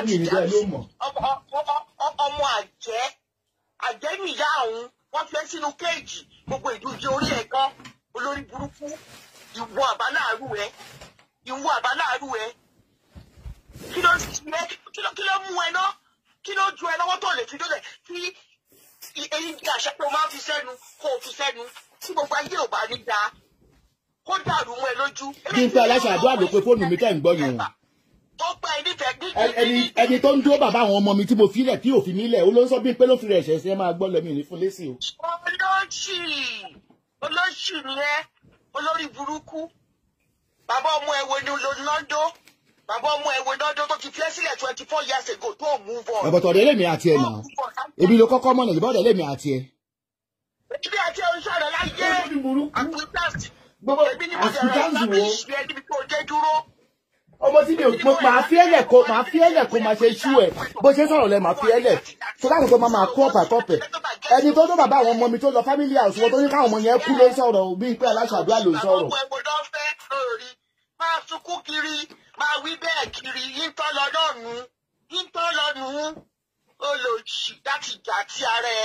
lómi ìrìndẹ ló mọ. ọmọ àjẹ́ àjẹ́ nìyá òun wọ́n fẹ́ sínú kéèjì gbogbo ìdújẹ orí ẹ̀kọ́ olórí burúkú ìwọ àbáláàrú ẹ ìwọ àbáláàrú ẹ kí ló ṣe kí ló kí ló mú ẹ náà kí ló ju ẹ lọ́wọ́ tó lè fi dólẹ kí eyín di àṣẹ pé o máa fi sẹ́nu kó o fi sẹ́nu tí gbogbo ayé ò bá ní dáa kó dàrú mọ́ ẹ lójú. bí n fẹ́ aláṣà àdúrà ló pe fóònù mi tẹ́ ń gbọ́ yìí ẹni ẹni tó ń dúró bàbá àwọn ọmọ mi tí mo filẹ̀ tí ò fi mí lẹ̀ ó ló ń sọ bí pé ló fi rẹ̀ ṣẹ̀ṣẹ̀ máa gbọ́ lẹ́mí ní fún lẹ́sìn o. olóṣì olóṣì rẹ olórí burúkú bàbá ọmọ ẹ̀wẹ̀ ni lọ́dọ̀ bàbá ọmọ ẹ̀wẹ̀ lọ́dọ̀ tó ti fi ẹ́ twenty four years ago tó move on. ẹ̀bọ̀tọ̀ ọ̀dẹ̀ lèmi àti ẹ̀ nà ebi ló kọ́kọ́ mọ̀ nàìjíríà ọ̀dẹ̀ lèmi àti ẹ̀. ebi àti ẹ̀ ń ọmọ tí mi ò gbọ́ máa fi ẹ̀lẹ̀ kó máa fi ẹ̀lẹ̀ kó máa ṣe ṣú ẹ̀ bó ṣe sọ̀rọ̀ lẹ máa fi ẹ̀lẹ̀ tó láti gbọ́ máa kó ọ̀pá kọ́pẹ̀ ẹni tó tó bàbá àwọn ọmọ mi tó lọ family house wọn tó ní káwọn ọmọ yẹn kú ló ń sọ̀rọ̀ bí pé aláṣàdúrà ló ń sọ̀rọ̀. máa sunkún kiri máa wí bẹ́ẹ̀ kiri yíntọ́ lọ́dọ̀ọ̀nù yíntọ́ lọ́nù olóòṣì láti jà tí ara ẹ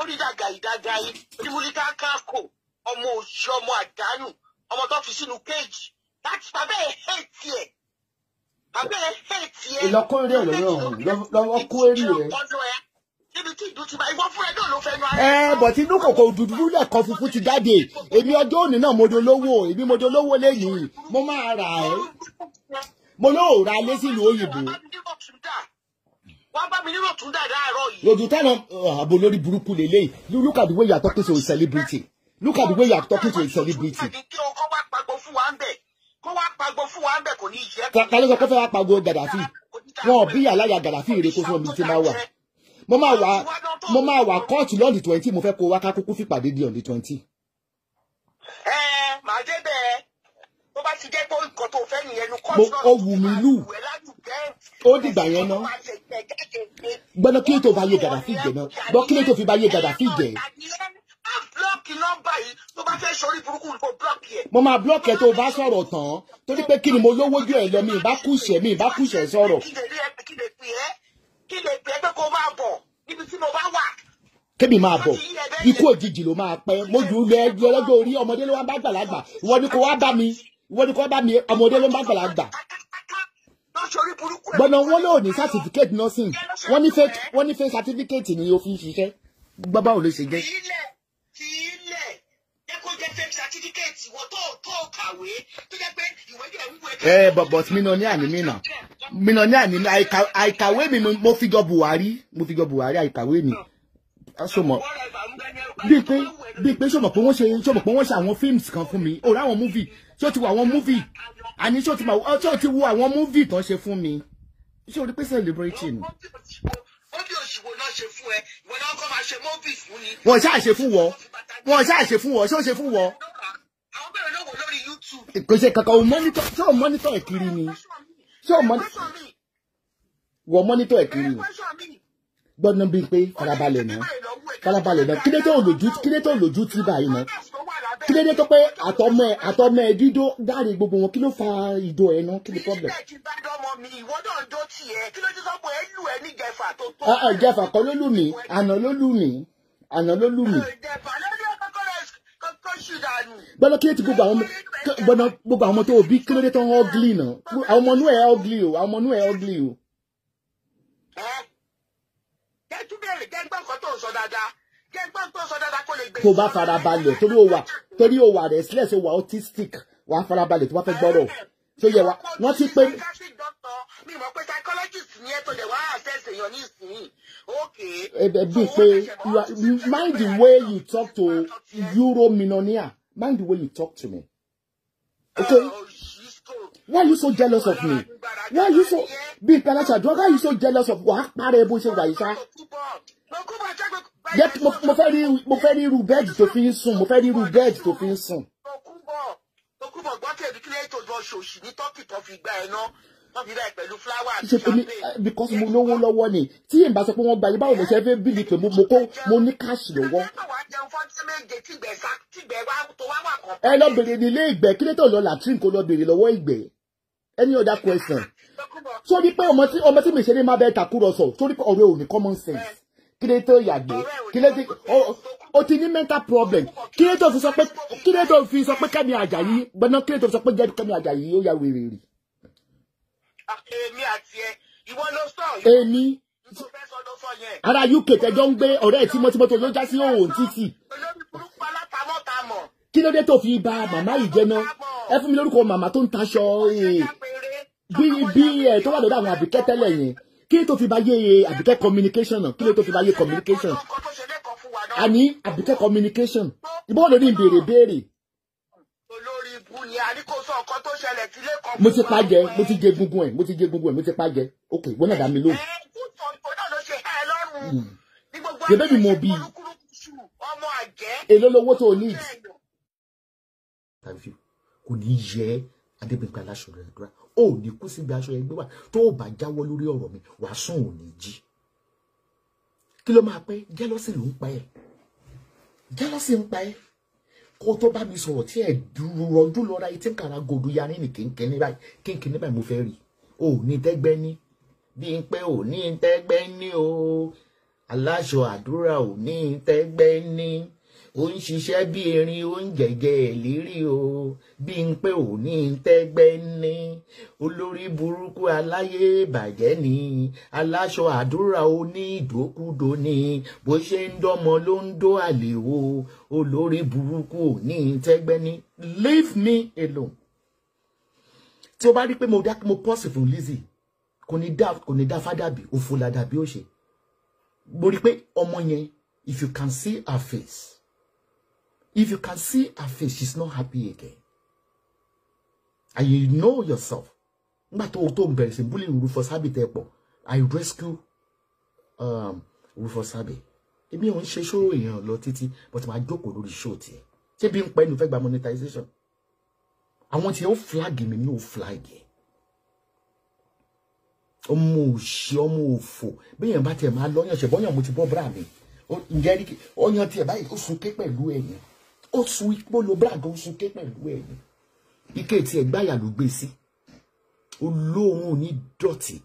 onídàgà ìdàgàyí onímúlítà káàkó ọmọ òṣì ọmọ àdánù ọmọ tó fi sínú kéèjì láti bàbá ẹ̀ hẹ́ẹ̀tì ẹ̀ ìlọkùnrin rẹ lọ́rọ̀ lọ́wọ́ kúrẹ́rì rẹ. ẹ bọ̀ tí inú kòkò dúdú lẹ́kọ̀ funfun ti jáde èmi ọjọ́ òní náà mo dolówó èmi mo dolówó lẹ́yìn mo máa rà ẹ́ mo lóò ra lé sílùú òyìnbó. wọ́n bá mi nínú ọ̀tún dáadáa àárọ̀ lójú táwọn ààbò eh, lórí burúkú lélẹ́yìn look at the way you are talking to a celebrity look at the way you are talking to a celebrity kó wá pagbo fún wa bẹ́ẹ̀ kò ní yẹ. ta ló sọ pé fẹ́ wá pagbo gàdáfì wọn ò bí àláyà gàdáfì mo máa wà mo máa wà kóòtù lọ́ọ̀dì twenty mo fẹ́ kó wá kákókó fìpàdé di ọ̀dì twenty. ẹ màá dé bẹ́ẹ̀ tó bá ti jẹ́ pé nǹkan tó fẹ́ nìyẹn nu kóòtù lọ́ọ̀dì tó máa wù ẹ́ ládùúgbẹ́ ó dìgbà yẹn ná gbọ́dọ̀ kí ló tó bá yé gàdáfì jẹ náà gbọ́ kí ló tó fi bá yé gàdáfì jẹ blọ́ọ̀kì nọ́mbà yìí tó bá fẹ́ sọrí burúkú mo máa blọ́ọ̀kì ẹ tó o bá sọ̀rọ̀ tán torí pé kí ni mo lówó jù ẹ lọ mi ìbá kùsẹ̀ mi ìbá kùsẹ̀ sọ̀rọ̀. kí lè pè é kí lè pè é pé kó máa bọ̀ níbi tí mo bá wà kémi máa bọ̀ ikú òjijì ló máa pẹ́ mójú lẹ ẹgbẹ́ ọlọ́jọ́ orí ọmọdé ló wá bá gbàlagbà ìwọ ni kò wá bá mi ìwọ ni kò wá bá mi ọmọdé ló ń bá gbàlagbà. gbọ́dọ̀ wọn ló ní certificate nursing wọ́n ní fake wọ́n certificate ni o fi ń ṣiṣẹ́ gbọ́dọ̀ ò lè ṣe jẹ́. ilé ò kàwé tó jẹ́ pé ìwé jẹ́ wíwo ẹgbẹ́. ẹ bọ̀bọ̀ mi nà ní àní mi nà mi nà ní àní mi àìkàwé mi mo fi jọ Buhari mo fi jọ Buhari àìkàwé mi sọmọ ah, bíi pé bíi pé sọmọ pé wọ́n ṣe sọmọ pé wọ́n ṣe àwọn fíìmù kan fún mi òrò àwọn múvì ṣé o ti wo àwọn múvì àní ah, ṣé o ti wo àwọn múvì tán ṣe fún mi ṣé o rí pé celebrity ni wọ́n ṣáà ṣe fún wọ́ wọ́n ṣáà ṣe fún wọ́ ṣé ṣe fún wọ́ kò ṣe kankan o mọ́nítọ̀ ṣé o mọ́nítọ̀ ẹ̀ kiri ni ṣé o mọ́nítọ̀ wọ mọ́nítọ̀ ẹ̀ kiri ni gbọ́dọ̀ bí pé farabalẹ̀ náà farabalẹ̀ náà kílé tó lójú kílé tó lójú tí báyìí náà kílé tó pé àtọmọ ẹ àtọmọ ẹ dídó dáre gbogbo wọn kí ló fa ìdó ẹ náà kí ni problem. ìjẹfà ah, ah, kọ́ ló lù mí àná ló lù mí àná ló lù mí gbọ́dọ̀ kí ló ti gbogbo àwọn gbọ́dọ̀ gbogbo àwọn ọmọ tó bí kí ló dé tán ọ́gìlì náà àwọn ọmọ inú ẹ̀ ọ́gìlì o àwọn ọmọ inú ẹ̀ ọ́gìlì o. tó bá farabalẹ̀ torí ó wà torí ó wà restless ó wà autistic wà á farabalẹ̀ tó bá fẹ́ gbọ́rọ̀ tó yẹ wa wọ́n ti pé. mi mọ̀ pé psychologist ni ẹ tó lè wá àṣẹ Okay. Be, be, you are, mind the way you talk to Euro Minonia. Mind the way you talk to me. Okay. Why are you so jealous of me? Why are you so big Palacha? Why are you so jealous of what? Parable ṣe wà yìí ṣá. Yẹ mo fẹ́ rí mo fẹ́ rí irú ṣe pé ní eh, because mo lówó lọ́wọ́ ni tí yìí ń bá sọ pé wọ́n gba yìí báwo mo ṣe fẹ́ pé mo kó mo ní káàṣì lọ́wọ́. ẹ lọ bèrè ní ilé ìgbẹ́ kí ló tó lọ làtírìn kó lọ bèrè lọ́wọ́ ìgbẹ́ any other question sórí pé ọmọ tí ọmọ tí mi ṣe ní má bẹ́ẹ̀ takúrọ̀sọ sórí pé ọ̀rẹ́ ò ní common sense kí ló tó yàgbé kí ló tó o ti ní mental problem kí ló tó fi sọ pé kí ló tó fi sọ pé kẹ́mi àjàyí gbẹ́ná kí ló tó fi sọ pé kẹ́mi àjàyí ó ya wèrè rè èmi àti ẹ ìwọ ló sọ yìí. èmi ara uk tẹjọ ń gbé ọ̀rẹ́ tímọ́tímọ́tò ló já sí òun títì. olórí burúkú alátamọ́ta mọ̀. kí ló dé tó fi bà màmá yìí jẹ́ náà ẹ fún mi lórúkọ màmá tó ń taṣọ eh, bí bí ẹ eh, tó wà lọ́dọ̀ àwọn àbíkẹ́ tẹ́lẹ̀ yẹn kí ló tó fi bà yé eh, àbíkẹ́ communication náà kí ló tó fi bà yé communication àní àbíkẹ́ communication ìbọn lórí ìbéèrè béèrè àbí kò sọ nǹkan tó ṣẹlẹ̀ sí lẹ́kọ̀ọ́. mo ti pàjẹ́ mo ti gé egungun ẹ̀ mo ti gé egungun ẹ̀ mo ti pàjẹ́ ok wọ́n náà dá mi lóhùn. ṣèbẹ́ mi mọ bíi èlò lówó tó o ní ìdí. kò ní yẹ adébẹ̀gbẹ̀ aláṣọ rẹ̀ dúrà ó ní kú síbi aṣọ ẹgbẹ́ wa tó o bá jáwọ́ lórí ọ̀rọ̀ mi wàá sùn ò ní jí kí ló máa pẹ́ jẹ́lọ́sì ló ń pa ẹ́ jẹ́lọ́sì ń pa ẹ́ kó tó bá mi sọ̀rọ̀ tí ẹ̀ dúró rọjú lọ́ra etí ń kàrà gòdù ya ní kínkínní báyìí kínkínní báyìí mo fẹ́ rí o ní tẹ́gbẹ́ ní bí n pé o ní tẹ́gbẹ́ ní o aláṣọ àdúrà o ní tẹ́gbẹ́ ní ó ń ṣiṣẹ́ bí erin ó ń jẹ̀jẹ̀ ìlérí o bí n pé ò tẹ́gbẹ́ ní olórí burúkú aláyé bàjẹ́ ni aláṣọ àdúrà oní ìdókúdo ni bó ṣe ń dọ́mọ ló ń dó àlè olórí burúkú ò tẹ́gbẹ́ ní leave me alone tí o bá rí pé mo dá mo pọ́sì fún Lizzie kò ní dá kò ní dá fádàbí òfò ó ṣe mo rí pé ọmọ yẹn if you can see her face If you can see her face, she's not happy again. And you know yourself. Nígbà tó tó bullying Rufus Abbey I rescue um, Rufus Abbey. Èmi ò ń show ṣó èèyàn lọ títí but màá jókòó lórí show tiẹ̀. Ṣé bí n pẹ́ nu fẹ́ gba monetization? Àwọn tiẹ̀ ó flag mi ní ò flag yẹn ọmọ òṣì ọmọ òfò bẹ́yẹn bá tiẹ̀ máa lọ́yàn ṣẹ̀bọ́yàn mo ti bọ́ bra mi ǹjẹ́ rí ọyàn tiẹ̀ báyìí ó sunké pẹ̀lú ẹ̀yìn ó sun ipò lo brag ó sun ké pẹ̀lú ẹ̀yìn ike tí ẹ̀ gbáyà ló gbé sí olóòórùn ò ní dọ̀tí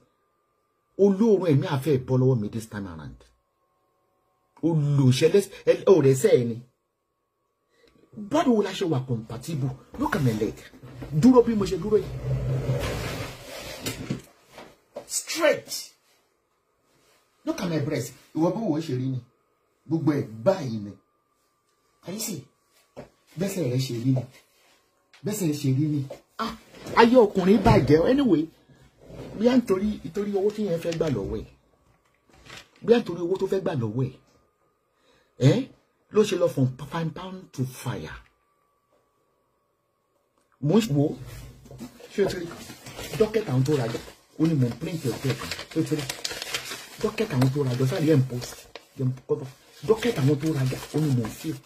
olóòórùn ẹ̀mí àfẹ́ bọ́ lọ́wọ́ mi this time around olùṣẹlẹ ọ̀rẹ́sẹ̀ ẹni báwo la ṣe wà compatible look at my leg dúró bí mo ṣe dúró yìí straight look at my breast ìwọ bó wo ṣe rí ni gbogbo ẹ̀ báyìí ni àyíṣe bẹ́sẹ̀ rẹ̀ ṣe rí ni bẹ́sẹ̀ rẹ̀ ṣe rí ni ah ayé ọkùnrin bàjẹ́ anyway bí a ń torí ìtorí owó tí yẹn fẹ́ gbà lọ́wọ́ ẹ̀ bí a ń torí owó tó fẹ́ gbà lọ́wọ́ ẹ̀ ẹ́ ló ṣe lọ from fine pound to fire mo ń wo ṣé o ti rí dọ́kẹ́tà àwọn tó rajà ó ní mo ń print ẹ̀ bẹ́ẹ̀ kan ṣé o ti rí dọ́kẹ́tà àwọn tó rajà sáré ẹ̀ ń post dọ́kẹ́tà àwọn tó rajà ó ní mo ń fíìlì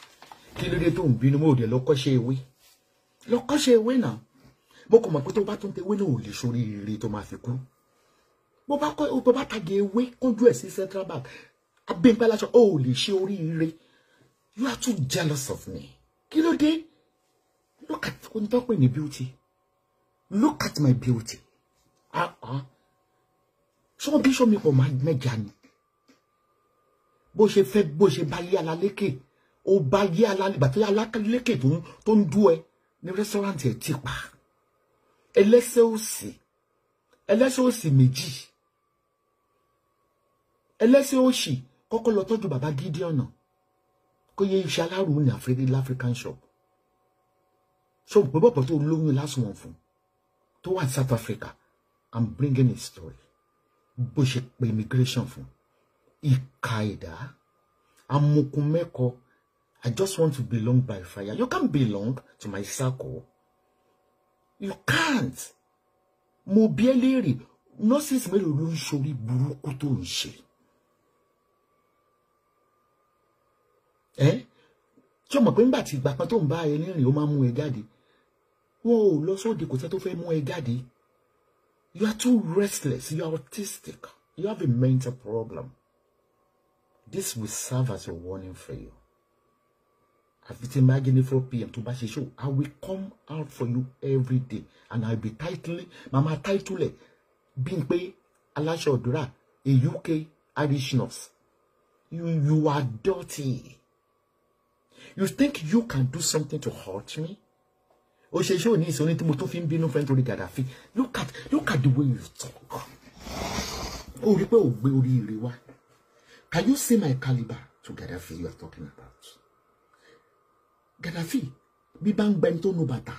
kí ló dé tó ń bínú mọ́ lọ́kọ́ṣẹ́ ewé lọ́kọ́ṣẹ́ ewé náà mo kò mọ̀ pé tó bá tún tewé náà ò lè sórí ire tó máa fi kú bó bá kọ́ bó bá tagi ewé kọjú ẹ̀ sí central bank abẹ́ńpẹ́ aláṣọ lè ṣe orí ire you are too jealous of me kí ló dé look at ohun tó pè ní beauty look at my beauty ah ah ṣọ́n bí ṣọ́n mi pọ̀ máa mẹ́ja ni bó ṣe fẹ́ bó ṣe bá yé alálékè. O bá yé alálìgbà tó yá alákàlékè tó ń dú ẹ ní rẹ́sọ́rántì ẹ̀ ti pa ẹlẹ́sẹ̀ òsì ẹlẹ́sẹ̀ òsì méjì ẹlẹ́sẹ̀ òsì kọ́kọ́ lọ tọ́jú bàbá gidi ọ̀nà kó yẹ iṣẹ́ alárùn ní àfẹ́rí láfíríkàn shop so gbọ́bọ̀pọ̀ tó lóyún lásùnwọ̀n fún tó wà ní South Africa I'm bringing a story bó ṣe pe immigration fún ìka ẹ̀dá amokun mẹ́kọ̀ọ́ I just want to belong by fire. You can't belong to my circle. You can't. Mo bi ẹ́ léèrè, nurses mélòó ló ń ṣorí burúkú tó ń ṣe. Ẹ́ tí o mọ̀ pé nígbà tí ìgbà kan tó ń bá e nírìn ó máa mú ẹ jáde. Wọ́n ò lọ sóde kò You are too restless. You are autistic. You have a mental problem. This will serve as a warning for you àfi tí máa gé ní four pm tó bá show i will come out for you every day and I'll be titling mama title being bí n pé aláṣọ òdúrà a uk irish nurse you you are dirty you think you can do something to hurt me o ṣe ṣé ò ní ìsọ ní tí mo tún fi ń bínú fẹ́ nítorí gàdáfì look at look at the way you talk ó rí pé ò gbé oríire wá can you see my calibre to gàdáfì you are talking about. Gaddafi bí bá ń gbẹni tó nu bàtà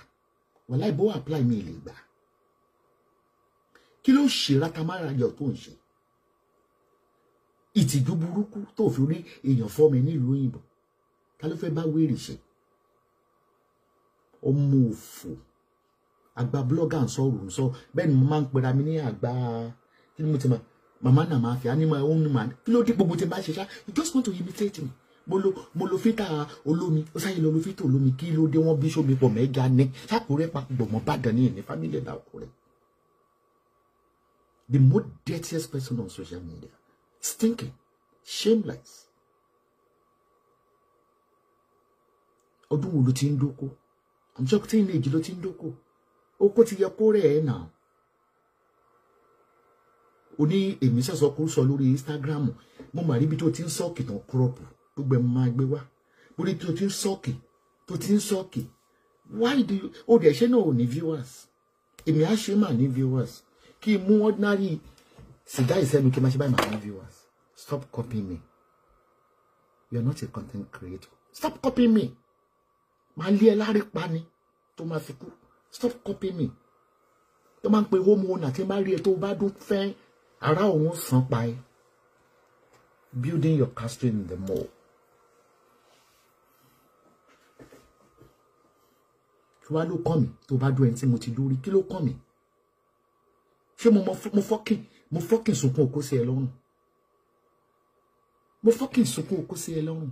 wàhálà ìbò apply mi lè gbà kí ló ṣe rátamára yọ tó ń ṣe ìtìjú burúkú tó fi rí èèyàn fọmọ nílùú òyìnbó ta ló fẹ́ bá wéèrè ṣe ọmọ òfò àgbà blọgà ń sọ òrùn sọ bẹ́ẹ̀ ni mo máa ń pera mi ní àgbà kí ni mo ti mọ màmá náà máa fi á ní my own man kí ló dé gbogbo tí n bá ṣe ṣá you just want to imitate me mo lo mo lo fita olómi ó lo fita olómi kí ló dé wọn bí sómi pọ̀ mẹ́ga ní sákòrẹ́ papọ̀ mọ́ bàdàn ní ìní family ẹ̀dá ọkùnrin the most dirtiest person on social media stinking shameless ọdún wo ló tin ń dóko i'm sure tí ilé ìjì ló ti ń dóko oko ti yẹ kó rẹ̀ ẹ́ na. ó ní èmi sọ̀sọ̀ kó sọ lórí instagram mo mà ríbi tó ti ń sọ̀kì tán kúrọ̀pù gbogbo ẹ̀ máa gbé wá bórí tó ti ń sọ́ọ̀kì tó ti ń sọ́ọ̀kì why do you ó dẹ̀ ṣe náà ò ní viewers èmi á ṣe máa ní viewers kí n mú ordinary sìgá ìsẹ́nu kí n máa ṣe báyìí máa ní viewers stop copying me you are not a content creator stop copying me máa lé ẹ lárí pa tó máa fi kú stop copying me tó máa ń pe home owner tí n bá rí ẹ tó bá dún fẹ́ ara òun sàn pa ẹ building your castle in the mall. wá ló kàn mí tó bá dún ẹni tí mo ti dúró rí kí ló kàn mí ṣé mo mo fọ́kìn mo fọ́kìn sunkún okó sí ẹ lọ́rùn mo fọ́kìn sunkún okó sí ẹ lọ́rùn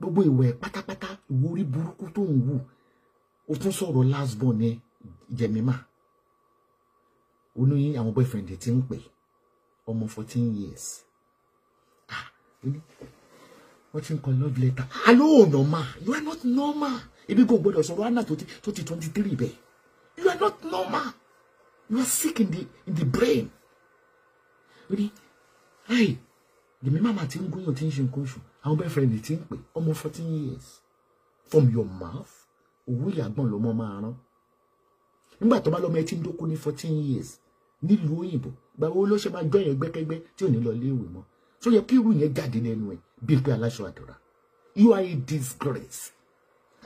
gbogbo ìwẹ̀ pátápátá ìwọ orí burúkú tó ń wù ó tún sọ̀rọ̀ last born ẹ jẹ̀mímà olóyún àwọn boyfriend ti ń pè ọmọ fourteen years ah wọ́n ti ń kọ love letter alo normal you are not normal ebi kò gbọdọ̀ sọ̀rọ̀ anna tó ti twenty three bẹ́ẹ̀ you are not normal you are sick in the in the brain ó ní hey lèmi mama ti ń gúnyàn tí ń ṣe nǹkan oṣù àwọn bẹ́ẹ̀ fẹ́ẹ́ ti ń pè ọmọ fourteen years from your mouth owó ìyàgbọ́n lọ́mọ máa rán nígbà tó bá lọ́mọ ẹ ti ń dókó ní fourteen years nílùú òyìnbó gbàgbọ́ ló ṣe máa jọyàn gbẹ́kẹ́gbẹ́ tí ò ní lọ léèwé mọ́ so yẹ kí irú yẹn jáde lẹ́nu ẹ̀ bí pé aláṣọ àdúrà you are a disgrace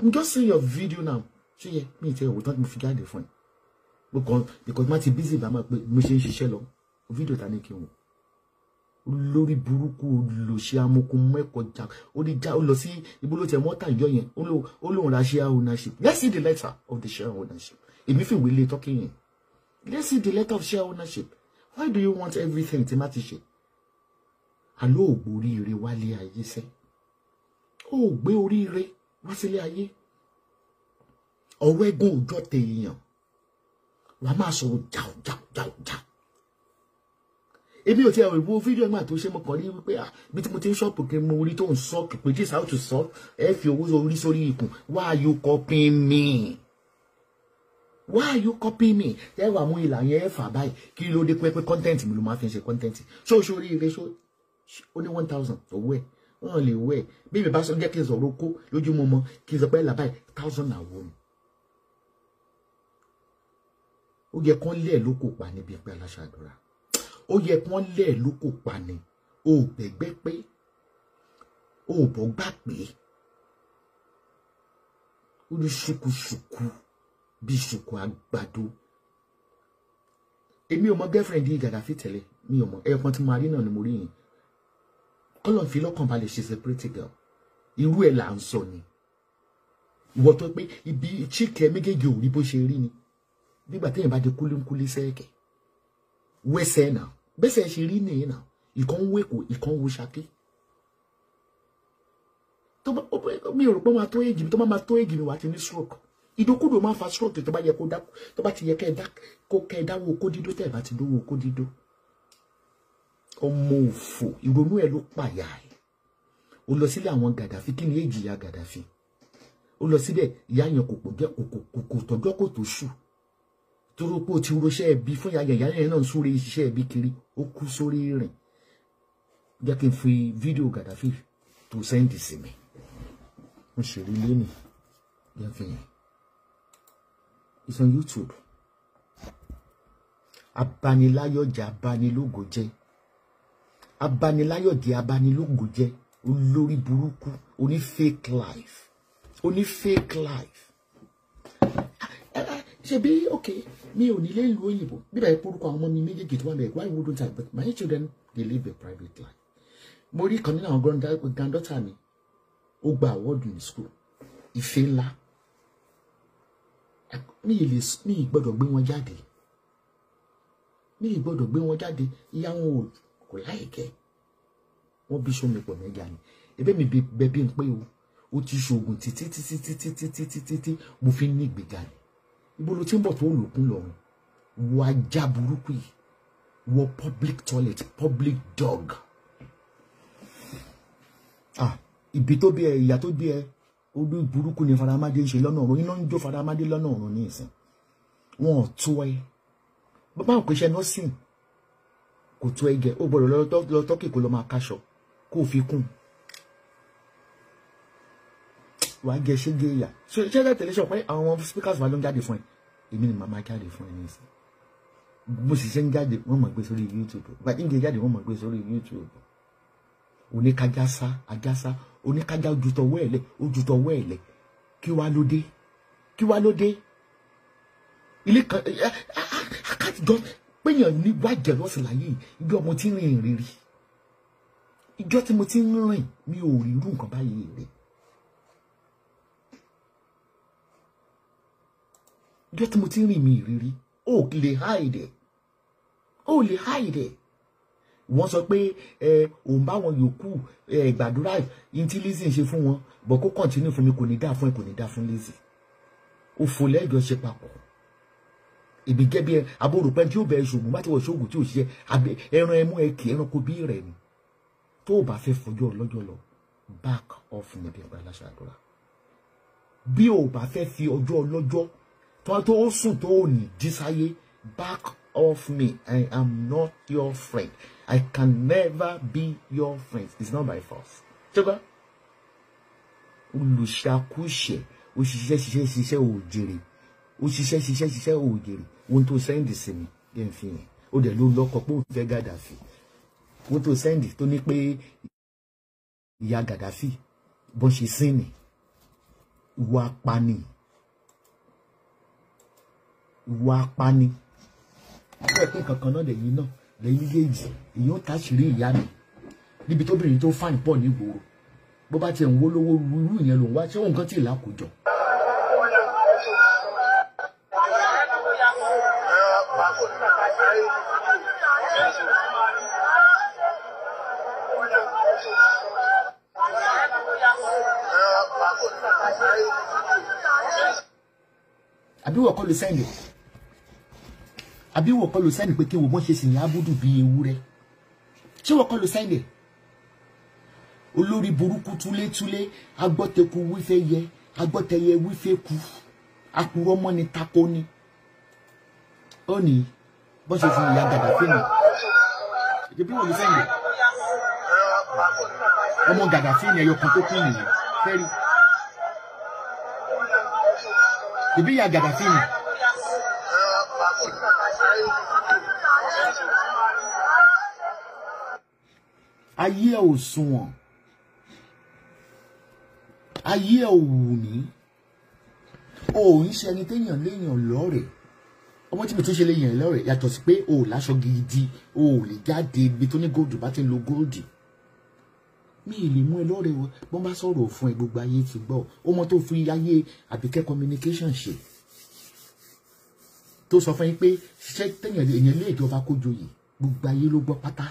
i'm just seeing your video now so yẹ mi ìtẹ̀ ìwòtán tí mo fi jáde fún ẹ because because má ti busy bá máa pé mo ṣe ń ṣiṣẹ́ lọ fídíò ta ni kí n wò lórí burúkú olùṣe amokunmẹ́kọ̀ jà ó ní já ó lọ sí ibo ló tiẹ̀ yẹn ó lóun ra share ownership let's see the letter of the share ownership èmi fìwé lé e tọ́kì yẹn let's see the letter of share ownership why do you want everything tí má ti ṣe aló ògbó oríire wálé ayé sẹ́ ó gbé oríire wá sílé ayé ọ̀rọ̀ ẹ̀gún òjọ́ tẹ èèyàn wàá máa sọ̀rọ̀ jàù jàù jàù jàù èmi ò tí ẹ wo fídíò ẹgbà tó ṣe mo kàn rí wípé à bí tí mo ti ń ṣọ́ọ̀pù kí mo rí tó ń sọ pé jíìsà ó ti sọ ẹ fi owó orí sórí ikùn wá ayò kọpin mi wá ayò kọpin mi ẹ wà mú ìlànà ẹ fà báyìí kí ló dé pé kọ́ńtẹ́ǹtì mi ló máa fi ń ṣe kọ́ńtẹ́ǹtì ṣó ire ṣó Only one thousand owó ẹ̀ only lè Baby, ẹ̀ bí mi bá sọ jẹ́ kí n sọ̀rọ̀ kó lójúmọ́ mọ́ kí thousand náà one. mi. ye yẹ le loko ló kò pa níbi ẹgbẹ́ aláṣàdúrà ó yẹ kán lẹ́ẹ̀ ló kò pa ní o ò bẹ̀gbẹ́ pé o ò bọ́ gbà pé ó ní ṣùkùṣùkù bí ṣùkù àgbàdo èmi ò mọ girlfriend yìí Gaddafi tẹ́lẹ̀ mi ò mọ ẹ̀ẹ̀kan tí mo rí náà ni mo rí yìí kọ́lọ̀ fi lọ́kàn balẹ̀ she's a pretty girl irú ẹ̀ là ń sọ ni ìwọ tó pé ibi chíkẹ́ méjèèjì ò rí bó ṣe rí ni nígbà téèyàn bá di kúlíkúlí sẹ́ẹ̀kẹ̀ wẹ́sẹ̀ náà bẹ́sẹ̀ ṣe rí nìyí náà ìkan wo èkó ìkan wo ṣáké mi ò rò pé máa tó èjì mi tó máa tó èjì mi wà á ti ní stroke ìdókòdò máa fa stroke tó bá yẹ kó dá tó bá ti yẹ kó kẹ́ ẹ dáwọ́ okó dídó tẹ̀ bá ti dówó okó dídó ọmọ òfò ìrònú ẹ̀ ló pàyà ẹ̀ ó lọ sílé àwọn gàdáfi kí ni èjìyà gàdáfi ó lọ síbẹ̀ ìyá yẹn kò kò tọ́jọ́ kò tó ṣù torí pé o ti roṣẹ́ ẹbí fún ìyá yẹn ìyá yẹn náà ń súre iṣẹ́ ẹbí kiri ó kú sórí rìn jẹ́ kí n fi fídíò gàdáfi tó sẹ́ǹdì sí mi mo ṣe rí lé mi yẹn it's on YouTube abaniláyọ̀jẹ̀ abanilógo jẹ́ di abanilógo jẹ́ olórí burúkú oní fake life oní fake life ah, ah, ṣebí ok mi ò nílé ìlú òyìnbó bíbá ipò orúkọ àwọn ọmọ mi méjèèjì tó wà bẹ́ẹ̀ why wouldn't I but my children they live a private life mo rí kan nínú àwọn granddaughter mi ó gba award ní school ìfẹ́ ńlá mi ì lè mi ì gbọ́dọ̀ gbé wọn jáde mi ì gbọ́dọ̀ gbé wọn jáde ìyá wọn ò kò láìkẹ́ wọ́n bí sómi pọ̀ mẹ́ga ni ebe mi bẹ̀bí ń pé o ó ti ṣoògùn títí títí títí títí títí tí mo fi ní ìgbéga ni ibo ló ti ń bọ̀ tó lòkun lọ́run wọ ajá burúkú yìí wọ public toilet public dog ah ibi tó bí ẹ ìyá tó bí ẹ orí burúkú ni faramade ṣe lọ́nà ọ̀run iná ń jó faramade lọ́nà ọ̀run ní ìsìn wọn ò tó ẹ bàbá òkèṣẹ́ nọ́sìn kò tó ẹgẹ ó gbọ́dọ̀ lọ tọ́kì kó lọ máa kaṣọ kó fi kún wà á gẹ ṣége ìyà ṣé ẹ tẹ̀lé ṣọpẹ́ àwọn speakers wa ló ń jáde fún ẹ èmi ni màmá jáde fún ẹ ní ìsìn bó sì ṣe ń jáde wọ́n mọ̀ gbé sórí YouTube bá ìdí jáde wọ́n mọ̀ gbé sórí YouTube oníkájásá ajásá oníkájá ojútọ̀wọ́ ẹ̀lẹ́ ojútọ̀wọ́ ẹ̀lẹ́ kí wá ló dé kí wá ló dé ilé kan I can't just péyàn ní wájẹ lọ́sìn láyé ibi ọmọ tí ń rìn rírì ìjọ tí mo ti ń rìn mi ò rí irú nǹkan báyìí rí ìjọ tí mo ti ń rìn mi ìrírí ó lè háìdẹ ó lè háìdẹ wọ́n sọ pé ẹ òun bá wọn yòókù ẹ gbàdúrà yín tí Lizzy ń ṣe fún wọn bọ kó kọ́ntínú fún mi kò ní dá fún ẹ kò ní dá fún Lizzy òfò lẹ́jọ́ ṣe papọ̀ ìbí gẹ́bí ẹ aborùpẹ́ tí ó bẹ ṣògùn bá ti wọ̀ ṣògùn tí ò ṣiṣẹ́ abẹ ẹran ẹmú ẹ kì ẹranko bí rẹ̀ ni tó o bá fẹ́ fọjọ́ ọlọ́jọ́ lọ back off ní bí ìgbà aláṣà àdúrà bí o bá fẹ́ fi ọjọ́ ọlọ́jọ́ tó tó o sùn tó o ní dísáyé back off me I am not your friend I can never be your friend it's not my fault ṣọgbà olùṣàkóṣe òṣìṣẹ́ ṣiṣẹ́ ṣiṣẹ́ òjèrè ó ṣiṣẹ́ ṣiṣẹ́ ṣiṣẹ́ òògèrè ohun tó sẹ́ndì sí mi kí n fi hàn ó dẹ̀ ló lọ́kọ̀ pé òun fẹ́ gàdàfì ohun tó sẹ́ndì tó ní pé ìyá gàdàfì bọ́n ṣe sí ni ìwà pani ìwà pani ó pé kankan náà lẹ́yìn náà lẹ́yìn méjèèjì èyí ó tàṣírí ìyá mi níbi tóbìnrin tó fàìn pọ̀ nígboro bó bá tiẹ̀ ń wó lówó irú ìyẹn lòun wá ṣé òun kan tí ì lákòjọ́ àbí wọ́n kọ́ ló sẹ́ndì àbí wọ́n kọ́ ló sẹ́ndì pé kí wọ́n mọ̀ ṣe sìn ábùdù bíi ewúrẹ́ ṣé wọ́n kọ́ ló sẹ́ndì olórí burúkú túlétúlé agbọ́tẹ̀kù wífẹ́ yẹ agbọ́tẹ̀yẹ wífẹ́ kú àkùrọ̀ mọ́ ni tako ni ó ní bó ṣe fi ìyá Gàdáfì nù èdè bí wọ́n ló sẹ́ndì ọmọ Gàdáfì ni ẹ̀yọkùn tó kún nìyẹn fẹ́ẹ́ rí ebi yà gàdàfí ni. ayé ẹ ò sunwọ̀n ayé ẹ ò wù ní o ò ń ṣe ẹni téèyàn léèyàn lọ́rẹ̀ẹ́ ọmọ tí mi tún ṣe léèyàn lọ́rẹ̀ẹ́ yàtọ̀ sí pé o ò láṣọ gidi o ò lè jáde ibi tó ní góòdù bá ti ń lo góòdù mi ì lè mú ẹ lọ́rẹ̀ wọn bọ́n bá sọ̀rọ̀ fún ẹ gbogbo ayé ti gbọ́ ọmọ tó fi ayé àbíkẹ́ communication ṣe tó sọ fún yín pé ṣiṣẹ́ tẹ̀yàn èèyàn lé ìjọba kójú yìí gbogbo ayé ló gbọ́ pátá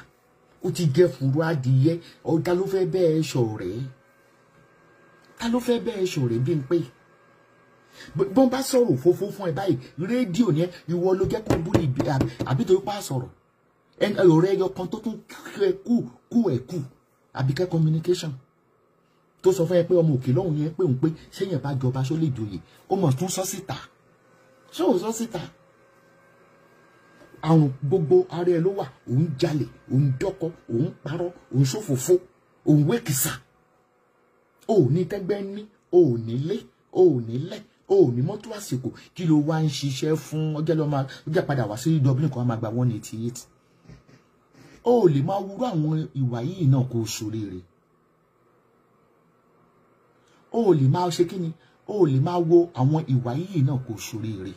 ó ti jẹ́ fúru adìyẹ ọ̀dà ló fẹ́ bẹ́ẹ̀ ṣọ̀rẹ́ ta ló fẹ́ bẹ́ẹ̀ ṣọ̀rẹ́ bí n pé bọ́n bá sọ̀rọ̀ òfófó fún ẹ báyìí rédíò yẹn ìwọ ló jẹ́ kó búlì àbí torí pa sọ̀rọ̀ ọ̀rẹ́ ẹyọ kan tó tún kú ẹ̀ kú Àbíkẹ́ communication tó sọ fún ẹ pé ọmọ òkè lọ́hùn yẹn pé òun pé ṣéyàn bá jọba ṣó lè joyè ó mọ̀ tún sọ síta ṣé òun sọ síta àrùn gbogbo ara ẹ ló wà òun jalè òun dọ́kọ òun parọ́ òun ṣòfófó òun wékìsà òní tẹ́gbẹ́ ní òní lé òní lẹ́ òní mọ́tò àsìkò kí ló wá ń ṣiṣẹ́ fún ọjọ́ lọ́ọ́ ọjọ́ padà wá sí dublin kan máa gba one eighty eight ó lè máa wúrú àwọn ìwà yìí náà kó ṣoríire ó lè máa ṣe kí ni ó lè máa wo àwọn ìwà yìí náà kó ṣoríire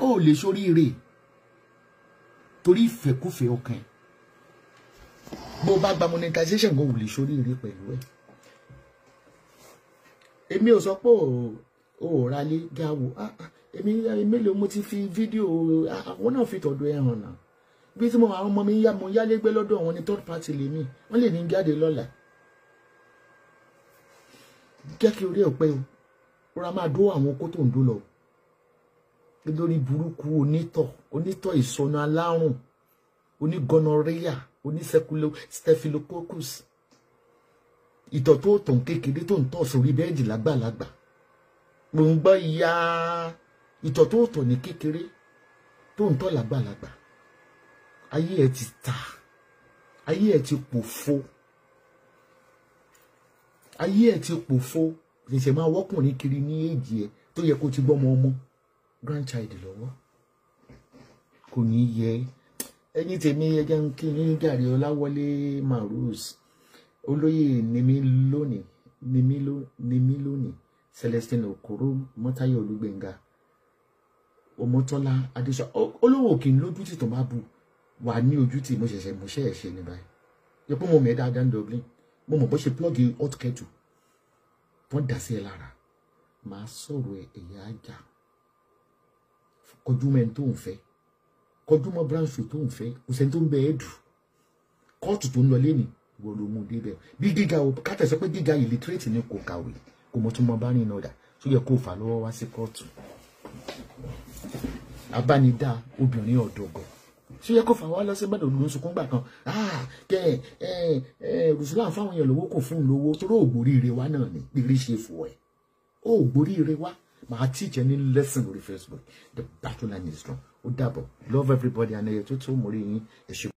ó lè ṣoríire torí ìfẹ́kúfẹ̀ẹ́ ọkàn bó bá gba monetization kò lè ṣoríire pẹ̀lú ẹ̀ èmi ò sọ pé ò rálé gáwó ah, ah, èmi mélòó mo ti fi fídíò ah, àwọn náà fi tọ̀dọ̀ ẹ̀ hàn náà bí tí mo àwọn ọmọ mi ń yá mo yálé gbé lọ́dọ̀ wọn ni third party lè mí wọ́n lè ní jáde lọ́la jẹ́ kí orí ẹ̀ pẹ́ o rọra máa dó àwọn okó tó ń dó lọ nítorí burúkú onítọ̀ onítọ̀ ìsọnù alárùn onígọnọríyà onísẹkulọ staphylococcus ìtọ̀ tó tàn kékeré tó ń tọ̀ sórí bẹ́ẹ̀dì lágbàlagbà gbòǹgbà ìyá ìtọ̀ tó tọ̀ ní kékeré tó ń tọ̀ lágbàlagbà ayé ẹ ti ta ayé ẹ ti pòfo ayé ẹ ti pòfo ṣẹ̀ṣẹ̀ máa wọ́kùnrin kiri ní èjì ẹ tó yẹ kó ti gbọ́mọ ọmọ grandchild lọ́wọ́ kò ní yẹ ẹni tèmi ẹjẹ ń kí ní gàrí ọláwọlé marus olóyè nimi lónìí nimi lónìí celestine okoro mọtayọ olúgbẹngà ọmọtọlá adéṣọ olówó òkè lójú tìtàn bá bù wà ní ojú tí mo ṣẹ̀ṣẹ̀ mo ṣẹ̀ ṣe ní báyìí yẹpọ mo mẹ dáadáa ní Dublin mo mọ bó ṣe plọ́ọ̀gì hot kettle wọ́n dà sí ẹ lára màá sọ̀rọ̀ ẹ ẹ̀yà ajá kọjú mẹ́ni tó ń fẹ́ kọjú mọ́ branch tó ń fẹ́ kò tó ń bẹ ẹ́ dù kóòtù tó ń lọ lé ní ló mú débẹ̀ bí gíga o ká tẹ̀sọ́ pé gíga illiterate ni kò kàwé kò mọ̀ tó mọ bá ní ìnọ̀dà tó yẹ kó fà lọ́wọ́ wá sí kóòtù abánidá obìnrin ọ̀dọ́gọ̀ọ́ ṣé yẹ kó fà wá lọ sí gbọ́dọ̀ ló ń sunkún gbà kan ah, kẹ ẹ ẹ rùsùlà fáwọn èèyàn lówó kò fún un lówó tó rò gbóríire wa náà ni ìrí ṣe fò ẹ ó gbóríire wa màá tíjẹ ní lesson lórí Facebook the battle line is strong ó dàbọ̀ love everybody and ẹyẹ tó tó mórí yín ẹ ṣe.